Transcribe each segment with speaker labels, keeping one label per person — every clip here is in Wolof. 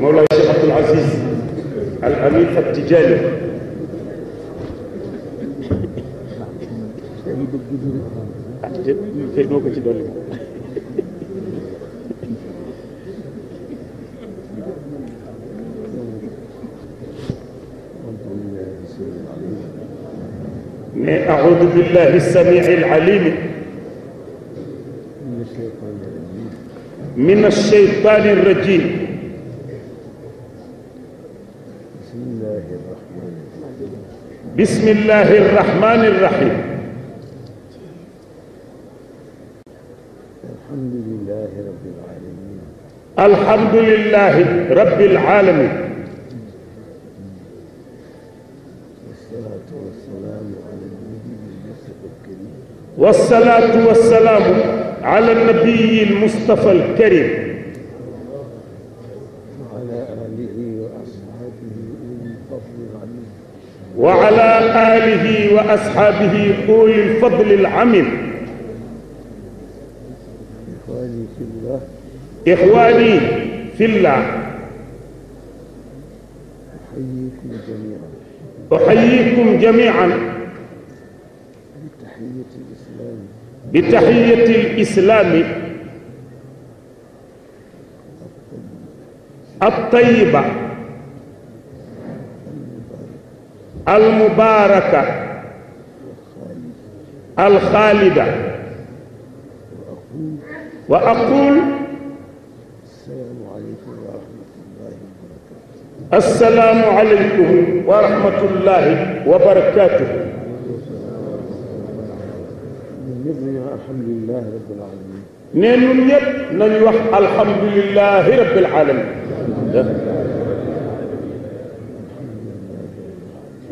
Speaker 1: مولاي الشيخ عبد العزيز الامين التجاري
Speaker 2: أعوذ بالله السميع العليم
Speaker 1: من الشيطان الرجيم بسم الله الرحمن الرحيم الحمد لله رب العالمين الحمد لله رب العالمين
Speaker 2: والصلاة والسلام على النبي المصطفى الكريم
Speaker 1: والصلاة والسلام على النبي المصطفى الكريم وعلى آله وأصحابه أولي الفضل العميم وعلى آله وأصحابه أولي الفضل العميم إخواني في الله إخواني في الله أحييكم جميعا أحييكم جميعا بتحية الإسلام bi taxiyati lislaami altayiba almubaaraka alxaalida wa aqul assalaamu aleykum wa rahmatullahi wa barakaatuh ñun ñëpp nañu wax alhamdulilah rabbil alamin. nee ñun ñëpp nañu wax alhamdulilah rabbil alamin.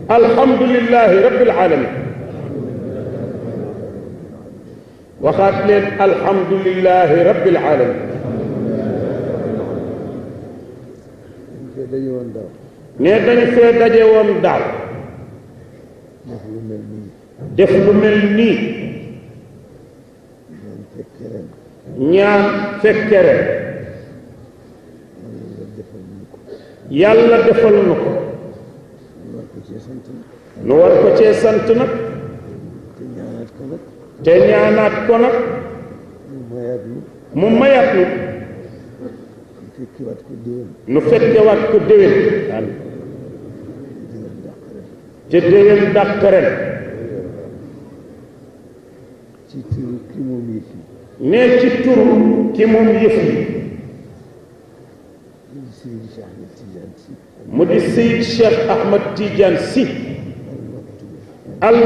Speaker 1: alhamdulilah rabbil alamin. waxaat leen alhamdulilah rabbil alamin. nee dañu fee daje woon daaw. def lu mel nii. ñaan fekkere
Speaker 2: yàlla defal na ko nu war ko cee sant nag
Speaker 1: te ñaanaat ko nag mu mayaat nu nu fekkewaat ko déwén te déwén dàq ren ne ci tur ki moom yëf yi mu di Seyid Cheikh Ahmad Tidiane Sy Al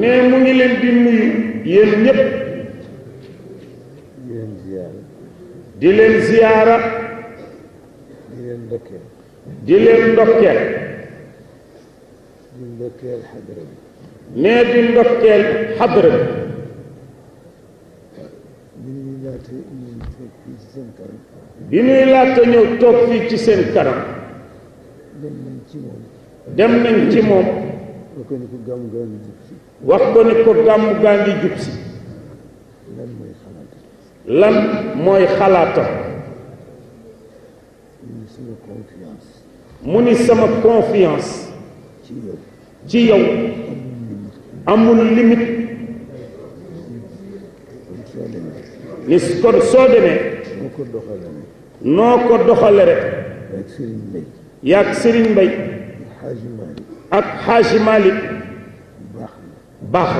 Speaker 1: ne mu ngi leen bi nuyu yéen ñépp di leen ziyaara di leen ndokkeel nee di ndofteel xadra
Speaker 2: bi bi laata ñëw toog fii ci seen kanam dem nañ ci moom
Speaker 1: wax ko ni ko gàmmu gaa ngi jub lan mooy xalaatam mu ni sama confiance ci yow amul limite ni soo demee noo ko doxale rek yaag Serigne Mbay ak Xaaji Malik baax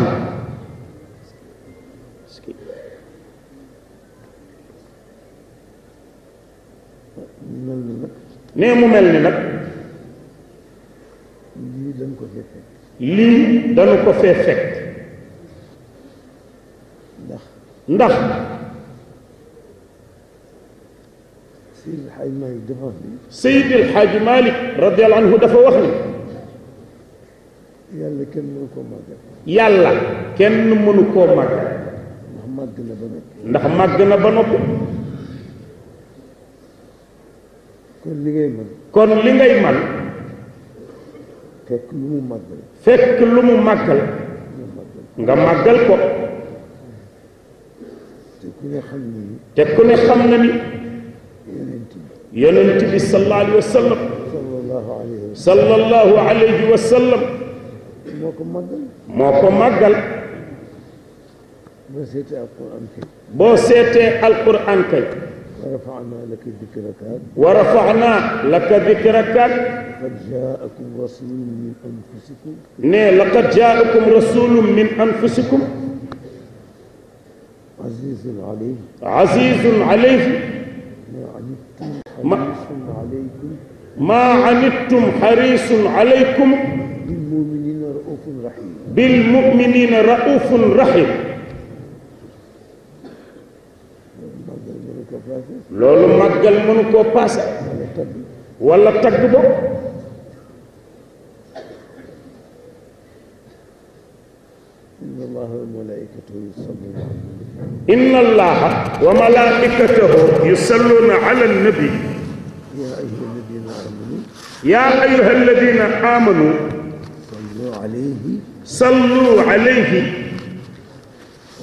Speaker 1: na mu mel ni nag lii dañ lii dañu ko fee fekk ndax ndax Seydil Xaaji Malik radiyallahu dafa wax ni yàlla kenn mënu koo màggal
Speaker 2: yàlla kenn mënu koo màggal
Speaker 1: ndax màgg na ba noppi ndax màgg na ba noppi kon li ngay man kon li ngay man fekk lu mu màggal nga màggal ko te ku ne xam na ni te ku xam na bi sallallahu alayhi wa sallam sallallahu alayhi moo ko màggal moo ko màggal boo seetee alquran kay boo seetee alquran kay ورفعنا لك ذكرك ورفعنا لك ذكرك لقد جاءكم رسول من أنفسكم نه لقد جاءكم رسول من أنفسكم عزيز عليه عزيز عليه ما عنتم حريص عليكم ما عنتم حريص عليكم بالمؤمنين رؤوف رحيم
Speaker 2: بالمؤمنين رؤوف رحيم
Speaker 1: loolu màggal mënu koo paase wala tagg bokk inna allaha wa malaikatahu yusalluna ala nabi يا أيها الذين آمنوا صلوا عليه صلوا عليه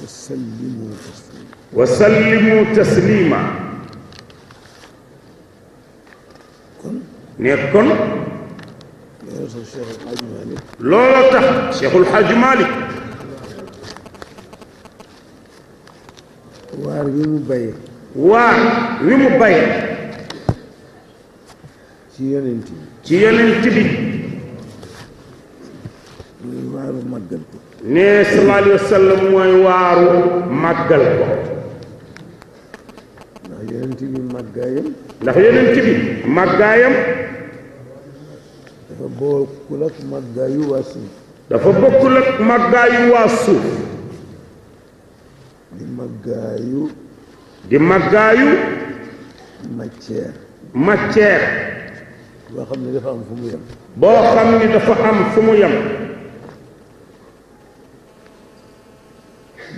Speaker 1: وسلموا wa sallimu taslima ne kon looloo tax Cheikhul Hadj Malick waar wi mu bay waar wi mu bay ci yonent bi ci yonent bi mooy waaru ne sallallahu alayhi wa sallam mooy waaru màggal màggaayam ndax yeneen ci bi màggaayam dafa bokkul ak màggaayu waa suuf dafa bokkul ak màggaayu waa suuf di màggaayu di màggaayu matière matière boo xam ni dafa am fu mu yem boo xam ne dafa am fu mu yem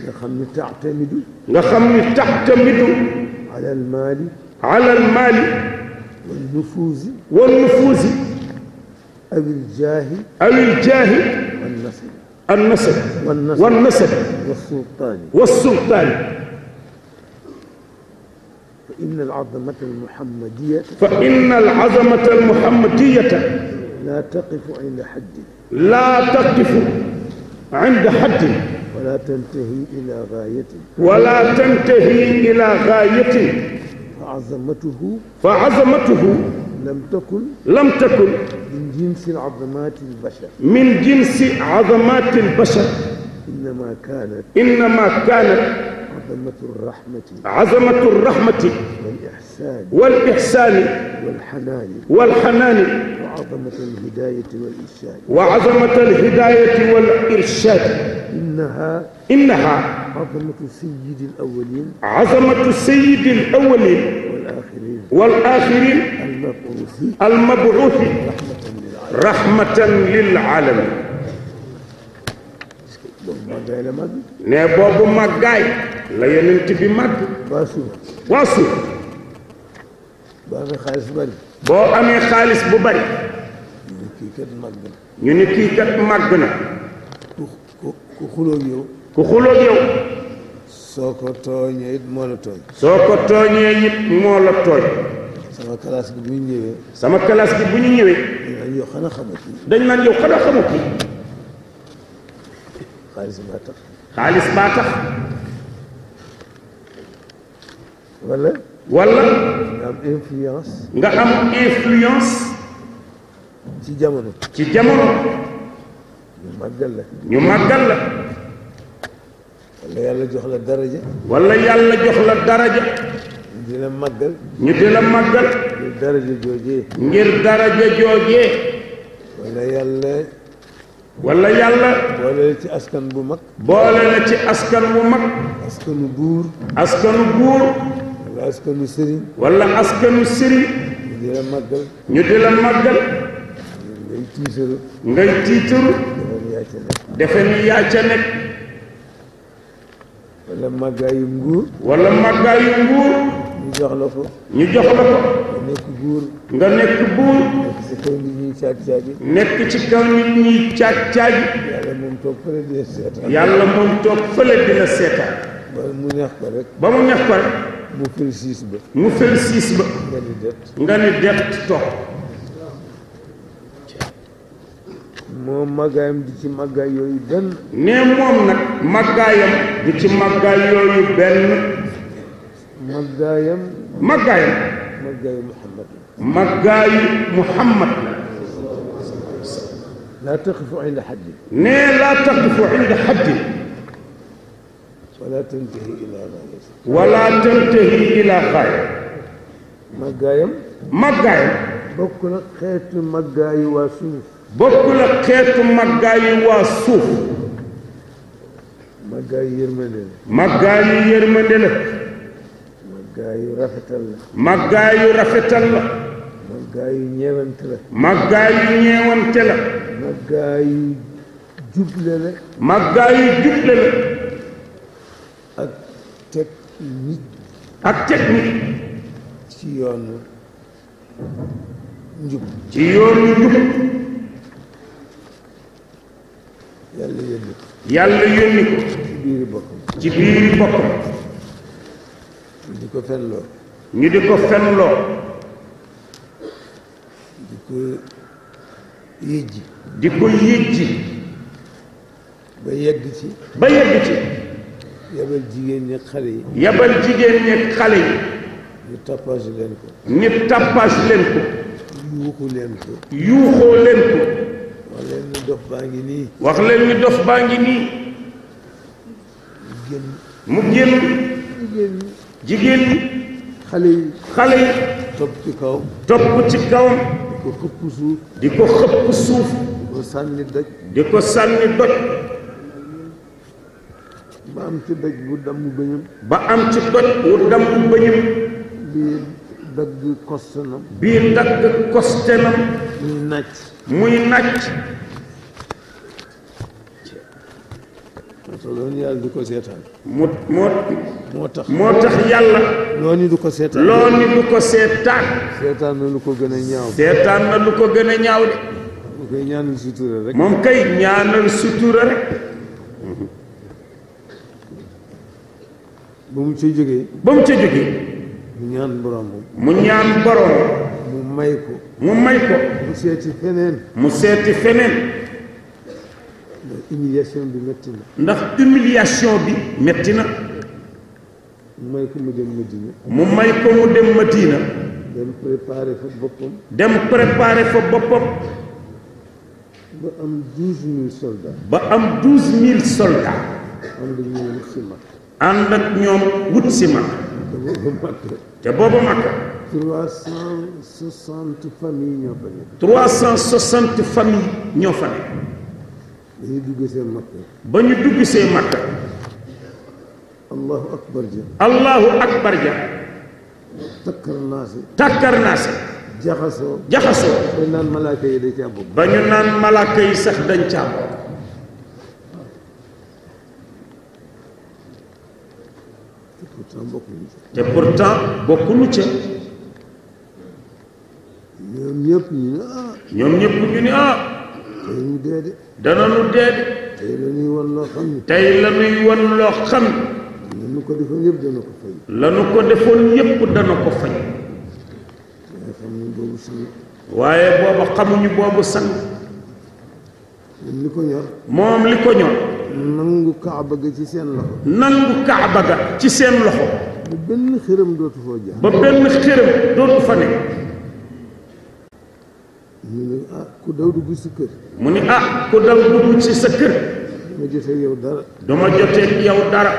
Speaker 1: nga xam ni taxtamidu nga xam ni taxtamidu ala al maali ala almaali والنفوذ والنفوذ أو الجاه أو الجاه والنسب النسب والنسب, والنسب والسلطان والسلطان فإن العظمة المحمدية فإن العظمة المحمدية لا تقف عند حد لا تقف عند حد ولا تنتهي إلى غاية ولا تنتهي إلى غاية فعظمته فعظمته لم تكن لم تكن من جنس عظمات البشر من جنس عظمات البشر إنما كانت إنما كانت
Speaker 2: عظمة الرحمة
Speaker 1: عظمة الرحمة
Speaker 2: والإحسان والإحسان
Speaker 1: والحنان والحنان وعظمة الهداية والإرشاد وعظمة الهداية والإرشاد إنها إنها عظمة سيد الأولين عظمة سيد الأولين والآخرين والآخرين المبعوث المبعوث رحمة للعالمين day la màgg. ne boobu màggaay la yonent bi màgg. waa suuf waa amee xaalis bu bari. boo amee xaalis bu bari. ñu ne kii kat màgg na. ñu ne kii kat màgg na. ku ku ku xulóog yow. ku xulóog yow. soo ko tooñee it moo la tooñ. soo ko tooñee it moo la tooñ. sama classe bi bu ñu ñëwee. sama classe bi bu ñu ñëwee. dañ naan yow xanaa xamoo kii. dañ naan yow xanaa xamoo kii. xaalis baa tax xaalis baa tax wala wala nga am influence nga am influence ci jamono ci jamono ñu màggal la ñu màggal la wala yàlla jox la daraja wala yàlla jox la daraja ñu di la màggal ñu di la màggal ngir daraja joojee ngir daraja joojee wala yàlla wala yàlla. boole la ci askan bu mag. boole la ci askan bu mag. askanu buur. askanu buur. wala askanu sëriñ. wala askanu sëriñ. ñu di la màggal. ñu di la màggal. ngay tiitaru. ngay tiitaru. defe ni yaa ca nekk. wala màggaayu nguur. wala màggaayu nguur. ñu jox la ko. ñu jox la ko. nga nekk buur. nga nekk buur. nekk ci kaw nit ñi caag caagi. nekk ci kaw nit ñi caag caagi. yàlla moom toog fële di seetaan. yàlla moom toog fële di seetaan. ba mu neex ko ba mu neex ko mu fël siis ba. nga ni det. nga ni det toog. moom màggaayam di ci màggaay yooyu benn. nee moom nag màggaayam di ci màggaay yooyu benn. màggaayam màggaayam màggaayu Muhammad màggaayu Muhammad la laa taqifu inda xaddi nee laa taqifu inda xaddi wala tantahi ila gaaya wala tantahi ila gaaya màggaayam màggaayam bokk la xeetu màggaayu waa suuf bokk la xeetu màggaayu waa suuf màggaayu yërmande la màggaayu yërmande la màggaayu rafetal la. màggaayu rafetal la. màggaayu ñeewante la. màggaayu juble la. màggaayu juble la. ak teg ak teg ci yoonu njub. ci yoonu njub. yàlla yónni ko. yàlla yónni ko. ci biiri bokkam. ci biiri bokkam. ñu di ko fenloo. ñu di ko fenloo. di ko yëjji. di ko yëjji. ba yegg ci. ba yegg ci. yabal jigéen ñi xale yi. yabal jigéen ñi xale yi. ñu tappaas leen ko. ñu tappaas leen ko. yuuxu leen ko. yuuxoo leen ko. wax leen ni dof baa ngi nii. mu génn. mu génn. jigéen ñi. xale yi xale yi. topp ci kaw topp ci kaw di ko xëpp suuf. di ko xëpp suuf. di ko sànni doj. di ko sànni doj. ba am ci doj wu damm bëñam. ba am ci doj wu damm bëñam. bii dagg kostenam. bii dagg kostenam. muy
Speaker 2: nàcc. muy nàcc.
Speaker 1: loolu ko seetaan. moo moo. moo tax moo tax yàlla. loolu du ko seetaan. loolu ko seetaan. seetaan lu ko gën a ñaaw. seetaan lu ko gën a ñaaw de. moom kay ñaanal sutura rek. moom kay ñaanal sutura rek. ba mu ca jógee. ba mu ca jógee. mu ñaan borom. mu ñaan borom. mu may ko. mu may ko. mu seeti feneen. mu seeti feneen. humiliation bi metti na. ndax humiliation bi metti na. mu may ko mu dem Madina. mu may dem Madina. dem préparer fa boppam. dem préparer fa boppam. ba am douze mille soldats. ba am douze mille soldats. ànd ak ñoom wut si mag. te boobu mag te boobu mag. trois cent soixante familles ñoo fa nekk. trois cent soixante familles ñoo fa nekk. ba ñu dugg see Makka. ba ñu dugg see Makka. Allahu akbar ja. Allahu akbar ja. takkar naa si. takkar naa si. jaxasoo. jaxasoo. ba ñu naan malaaka yi dañ caa ba ñu naan malaaka yi sax dañ caa bokk. te pourtant bokkunu ca. ñoom ñëpp ñu ne ah, ñoom ñëpp ñu ne ah. tey mu dee de. dana nu dee de. tey la ñuy wan loo xam ne. tey la ñuy xam ne. lanu ko defoon yëpp dana ko fay. lanu ko defoon yëpp dana ko fay. waaye boobu xamuñu boobu sang. moom li ko ñor. moom li ko ñor. nangu kaaba ga ci seen loxo. nangu kaaba ga ci seen loxo. ba benn dootu foo jaar. ba benn xërëm dootu fa nekk. mu ne ah ku daw dugg si kër. mu ne ah ku daw dugg ci sa kër. dama jotee yow dara. dama jotee yow dara.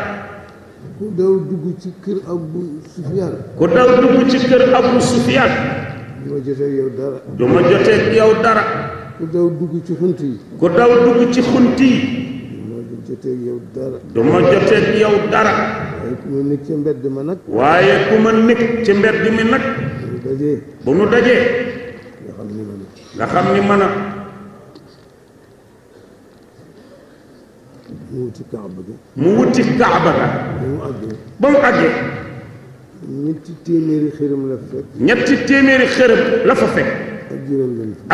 Speaker 1: ku daw dugg ci kër Abu Sufyaan. ku daw dugg yow dara. dama yow dara. ku daw dugg ci xunt yi. ku daw dugg ci xunt yi. dama jotee yow dara. dama jotee yow dara. waaye ku ma nekk ci mbedd ma nag. waaye ku ma nekk ci mbedd mi nag. bu nu dajee. bu nu dajee. nga xam ni mën a mu wuti kaaba ga mu wuti kaaba ga ba mu àggee ñetti téeméeri xërëm la fa fekk ñetti téeméeri xërëm la fa fekk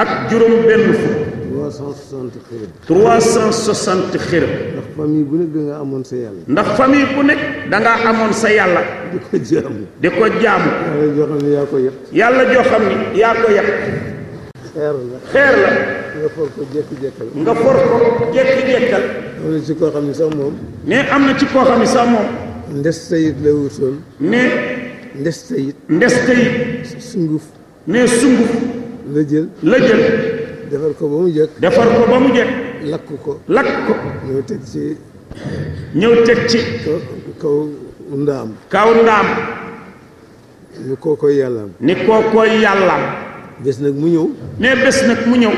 Speaker 1: ak juróom benn fukk 360 xërëm 360 xërëm ndax famille bu nekk da amoon sa yàlla ndax famille bu nekk da amoon sa yàlla di ko jaamu di ko jaamu yàlla joo xam yaa ko yàq yàlla joo xam yaa ko yàq xeer la xeer la nga for ko jékki-jékkal nga for ko jékki-jékkal am na ci koo xam ne sax moom ne am na ci koo xam ne sax moom ndes tayit la wutoon ne ndes tayit ndes tayit sunguf ne sunguf la jël la jël defar ko ba mu jëkk defar ko ba mu jëkk lakk ko lakk ko ñëw teg ci ñëw teg ci kaw ndaam kaw ndaam ni koo koy yàllaam ni koo koy yàllaam bés nag mu ñëw. nee bés nag mu ñëw.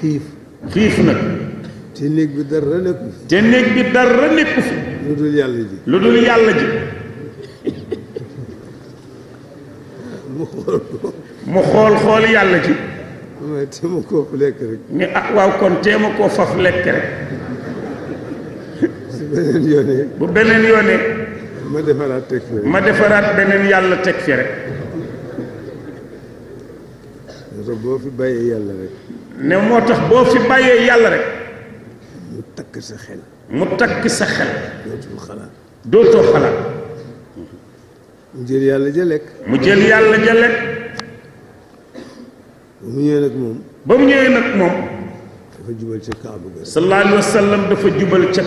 Speaker 1: xiif xiif nag. te néeg bi dara nekku fi. te néeg bi dara nekku fi. lu dul yàlla ji. lu dul yàlla ji. mu xool ko. xool yàlla ji. waaye téema koo lekk rek. Ah, kon téema koo faf lekk rek. su beneen yoonee. bu beneen yoonee. ma defaraat ma defaraat beneen yàlla teg fi rek. tax boo fi bàyyee yàlla rek. ne moo tax boo fi bàyyee yàlla rek. mu takk sa xel. mu takk sa xel. dootoo xalaat. dootoo xalaat. mu jël yàlla ja lekk. mu jël yàlla ja lekk. ba mu ñëwee nag moom. ba mu ñëwee nag moom. dafa jubal ca Kaaba dafa jubal ca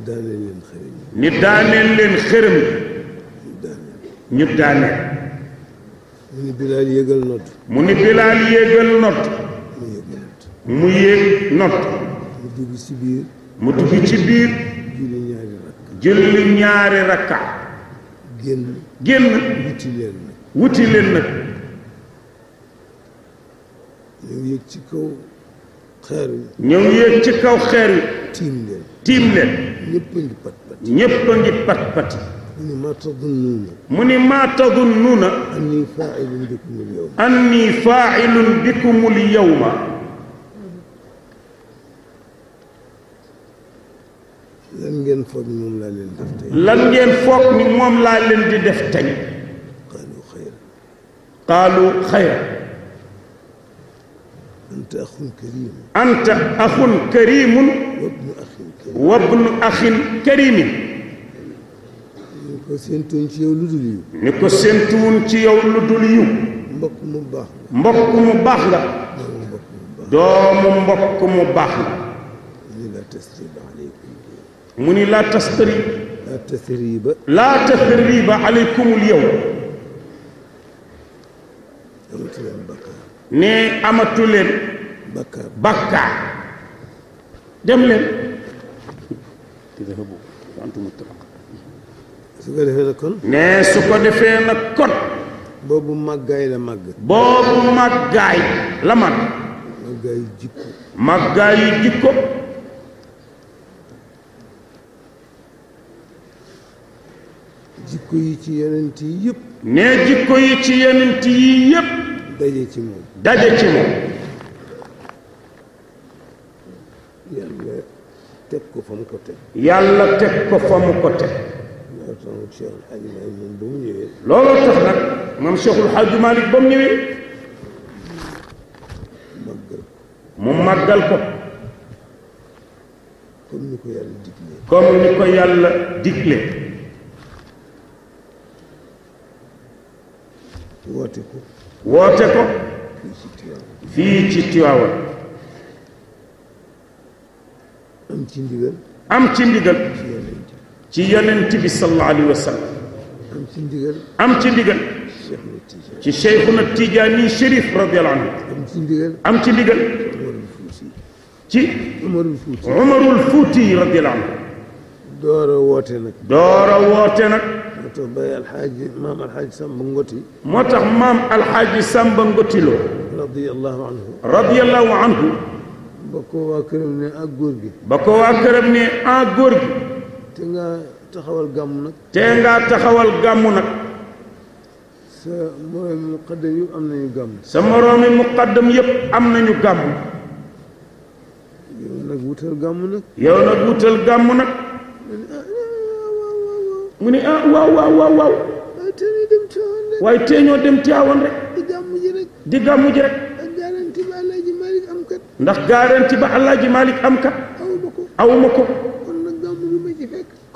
Speaker 1: ni daaneel leen xërëm. ni daaneel leen xërëm. ñu daaneel. mu ni Bilaal yéegal nodd. mu ni Bilaal yéegal nodd. mu yéeg nodd. mu dugg ci biir. mu dugg ci biir. julli ñaari rakka. julli ñaari rakka. génn. génn. wuti leen ñëw yéeg ci kaw xeer wi. ñëw yéeg ci kaw xer wi. tiim leen. tiim leen. ñëpp ngi pat pat. ñëpp ngi pat pat. mu ni maa tadunnuuna mu ni maa tadunnuuna anni faailun bikum al-yawma anni faailun bikum al-yawma lan ngeen foog ni moom laa leen def tey lan ngeen foog ni moom laa leen di def tey qaalu xayra qaalu xayra anta axun karim anta axun karimun wabnu axin karimin ko séentuwuñ ci yow lu dul yiw ni ko séentuwuñ ci yow lu dul yiw mbokk mu baax nga mbokk mu mu baax nga mu ni laa tastari laa tasriba yow ne amatu leen bakkaar su ko defee nag kon. ne su ko defee na kot boobu màggaay la màgg. boobu màggaay la màgg. màggaay yu jikko. màggaay jikko. yi ci yonent yi yëpp. ne jikko yi ci yonent yi yëpp. daje ci moom. daje ci moom. yàlla teg ko fa mu ko teg. yàlla teg ko fa mu ko teg. loolu tax nag moom Cheikhul Hadj Malick ba mu ñëwee. mu màggal ko. comme ni ko yàlla diglee. comme ni ko yàlla diglee. woote ci Tiwaawan. am ci ndigal. ci yonent bi sallallahu alayhi wa sallam am ci ndigal am ci ndigal ci Cheikhuna Tijaani Chérif radiyallahu anhu am ci ndigal am ci ndigal ci Umarul Fuuti radiyallahu anhu door a woote nag door a woote nag moo tax bay alxaaji maam alxaaji Samba Ngoti moo tax maam alxaaji Samba Ngoti loo radiyallahu anhu radiyallahu anhu ba ko waa këram ne ak góor gi ba ko waa këram ne ak ah, góor gi te nga taxawal gàmmu nag. te nga taxawal gàmmu nag. sa moroomi muqaddam yëpp am nañu gàmmu. sa moroomi muqaddam am nañu gàmmu. yow nag wutal gàmmu nag. yow nag wutal gàmmu nag.
Speaker 2: Ah, ah,
Speaker 1: mu ne ah waaw waaw waaw waaw. waaye tey ñoo dem Tiwaawan rek. waaye rek. di gàmmu ji rek. ndax garanti ba Alaaji Malik am kat. ndax ko.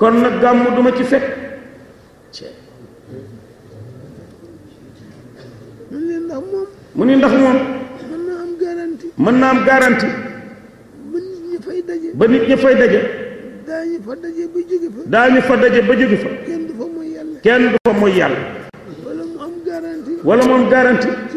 Speaker 1: kon nag gàmmu duma ci fekk mu ni ndax moom mën naa am garanti mën naa am garanti ba nit ñi fay daje ba nit ñi fay daje daañu fa daje ba jóge fa daañu fa daje kenn du fa mooy yàlla kenn du fa mooy yàlla
Speaker 2: wala mu am garanti wala mu am garanti